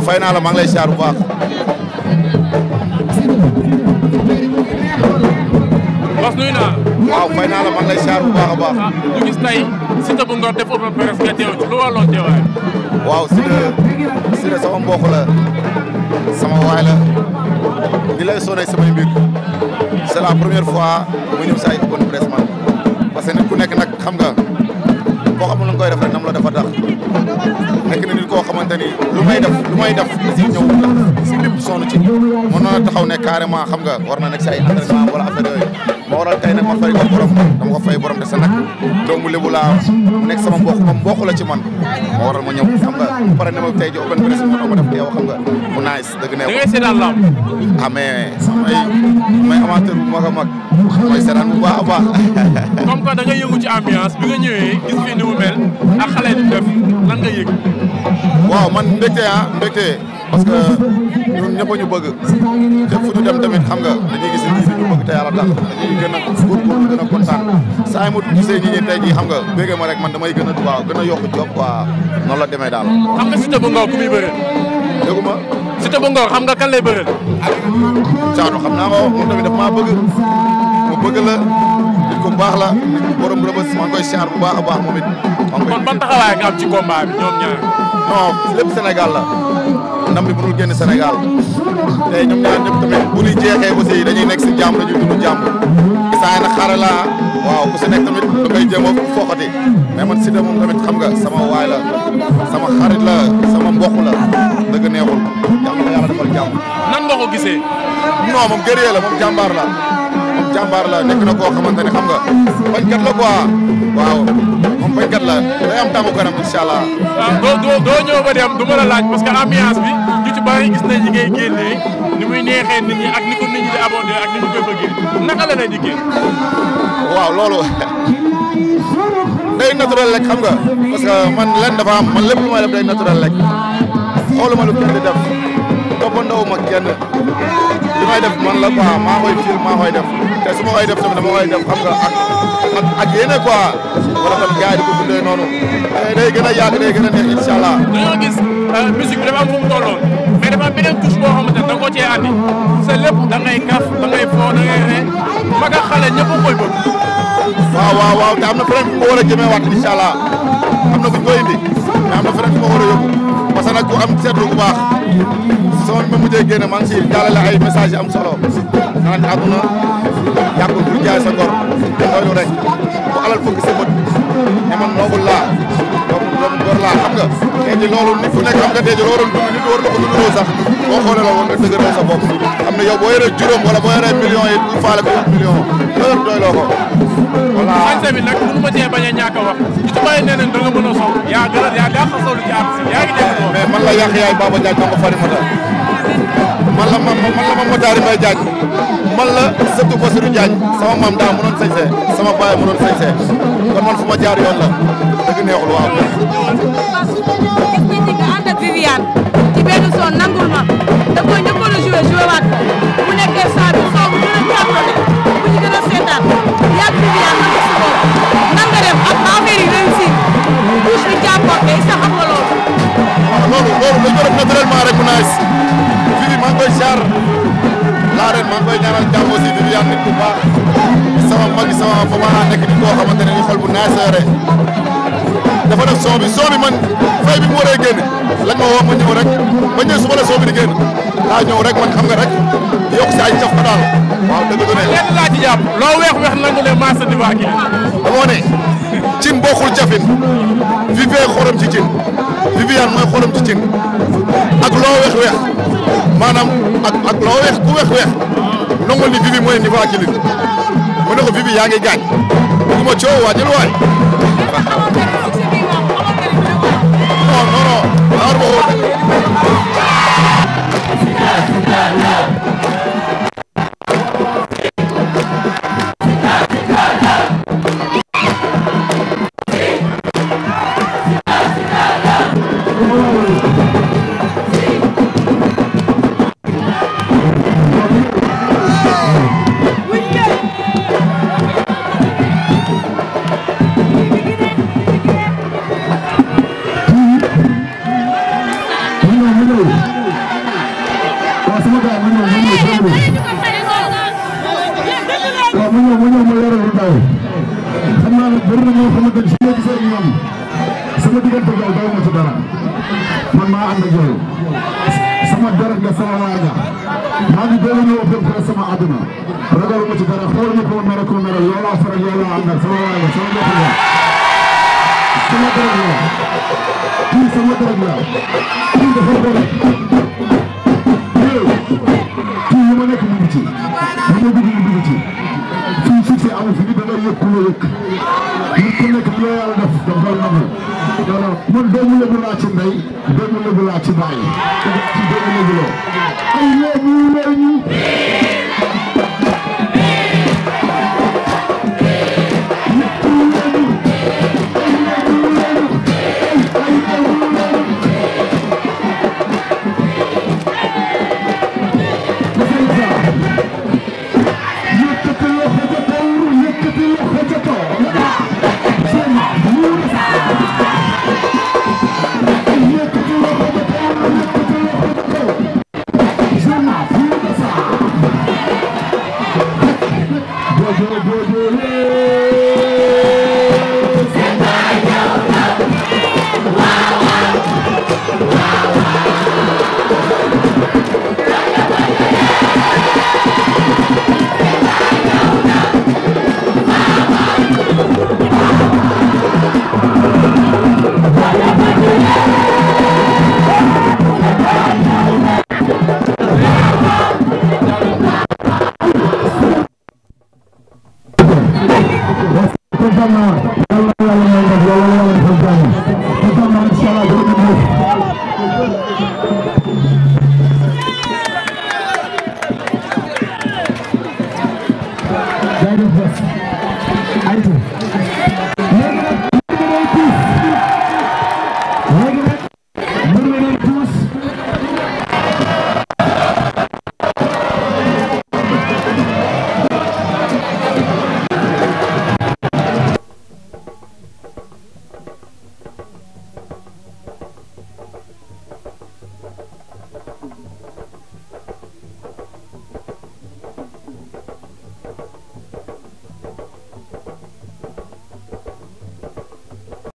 waaw fay naa la maa ngi lay siyaar bu la maa ngi lay a baax. ah ñu sama waay la ni lay sonné samay mbir c'est la première fois mu ñëw saa yu open presse man ku nekk nag xam nga. yàlla dafa tax nekk na nit koo xamante ni lu may def lu may def da siy ñëw ndax si lépp sonn ci mën na taxaw ne carrément xam nga war na nekk si ay entraînement wala affaire yooyu ma waral tey nag ma fay ko borom dama ko fay borom te sa nag doomu Lebu laa nekk sama mbokk moom mbokk la ci man ma waral ma ñëw xam nga bu pare ne ma tey ji open presse ma ma def teew xam nga mu nice dëgg ne da ngay seetaan lamb ah mais samay may amateur bu mag a mag mooy seetaan bu baax a baax comme que da nga yëngu ci ambiance bi ñëwee gis fii ni mu mel ak xale yi def yëg waaw man mbégte ah parce que ñun ñëpp ñu bëgg te fu ñu dem tamit moo tax dañuy gën a góorgóorlu gën a kontaan saa yi ma gisee ñi ñi tey xam nga béggee ma rek man damay gën a waaw gën a yokk job quoi noonu la demee daal xam nga Siteu bu Ngor ku muy bëreel déggu ma Siteu bu Ngor xam nga kan lay bëreel ak xam naa ko moom tamit daf maa bëgg mu bëgg la nit baax la nit ku borom rëbës maa ngi koy siyaar bu baax a baax moom it taxawaay nga am ci combat bi ñoom ñaar non lépp Sénégal la ndam bi mënul génn Sénégal tey ñoom ñaar ñëpp tamit jàmm dañuy dund jàmm isaay na xarala waaw ku si nekk tamit da ngay jéem a foxati mais man Siteu moom tamit xam nga sama waay la sama xarit la sama mbokk la dëgg neexul yàlla na ko yàlla defal jàmm. nan nga ko gisee. non moom guerrier la moom jàmbaar la moom jàmbaar la nekk na koo xamante ne xam nga bañkat la quoi waaw moom bañkat la day am tàmmu kanam incha allah. waaw ah, doo doo ñëw ba dem du ma la laaj parce que ambiance bi. bari gis nañ ñi ngay génnee ni muy neexee nit ñi ak ni ko nit ñi di abondé ak ni ñu koy bëggee naka la lay di génn. waaw loolu day naturel rek xam nga parce que man lenn dafa am man lépp lu may def day naturel rek xooluma lu kenn di def toppandoo ma kenn li may def man la quoi maa koy fil maa koy def te su ma koy def tamit dama koy def xam nga ak ak ak yéene quoi wala tam gars yi di ko bindee noonu day gën a yàgg day gën a neex incha allah. Euh, musique bi dafa am lu mu tolloon mais dafa am beneen touche boo xamante ne da nga ko cee andi sa lépp da ngay kaf da ngay foo da ngay ree mag ak xale ñëpp koy bëgg. waaw te am na feneen fu mu war a waat incha allah am na bu ñu koy indi am na feneen fu mu war a yóbbu parce ku am seetlu bu baax sama bi ma mujjee génne maa si jàllale ay message am solo naan àdduna yàggul bul jaay sa ngor loolu rek bu alal fukki sa bët ne man noobul laa. nga tey jii loolu nit ku nekk xam nga tey jii loolu war na ko dundoo sax boo xoolee la woon nga dëgëral sa bopp xam ne yow boo yoree juróom wala boo yoree million yi bul faale ko million loolu doy loo ko voilà xañ tamit nag mënu ma cee bañ a ñàkk a wax ñu ci bàyyi nee nañ da a yaa gën a yaa gàq si yaa man la yàq yaay Baba Diagne ma ko fari ma man la ma man la ma Motaari Mbaye Diagne man la sëtu Basiru Diagne sama maam daa mënoon sañse sama baay mënoon sañse kon man fu ma jaar yoon la dëgg neexul waaw. waaw su ma ñëwee esthétique ànd ak Viviane ci benn son nangul ma da koy njëkkoon a joué joué waat ko mu nekkee saa bi soo bu gën a jàppale bu ñu gën a seetaan yàgg Viviane nan la si boobu nan nga def ak affaire yi réussir touche bi jàppoon mais sax xam nga loolu. waaw loolu loolu dañu ko def naturellement rek mu nice. jaar laa ren maa ngi koy ñaanal jàmm aussi Viviane nit ku baax sama mag sama fa maa nekk nit koo xamante ni xol bu naaj sa yore dafa def son bi son bi man fay bi mu waree génn lañ ma woo ma rek ma ñëw suba la bi di génn a ñëw rek man xam nga rek yokk si ay caf ko daal waaw dëgg la. lenn laa ci jàpp loo weex weex nangu ne maa sa diva gi. dama ne cin bokkul jafin Viviane xorom xorom ci loo weex weex maanaam ak ak loo weex ku weex weex nongol ni Vivi mooy niveau ak Yékini mu ne ko Vivi yaa ngi gaañ bëgguma coow waajal waay non non non bëri na ñoo xamante ni su ma gisee ak ñoom sama diggante yow daw ma ci dara man maa ànd ak yow sama dara nga sama waa nga maa ngi doon ñëw dem ko sama àdduna ragal ma ci dara xool ma ko mer ko mer yow laa faral yow laa àndal sama waa nga sama mbokk nga sama dara la kii sama dara la kii dafa bëri kii yu ma nekk mu ngi ci mu ngi dugg yëpp la yëkk nit ku nekk di la yàlla def da koy nangu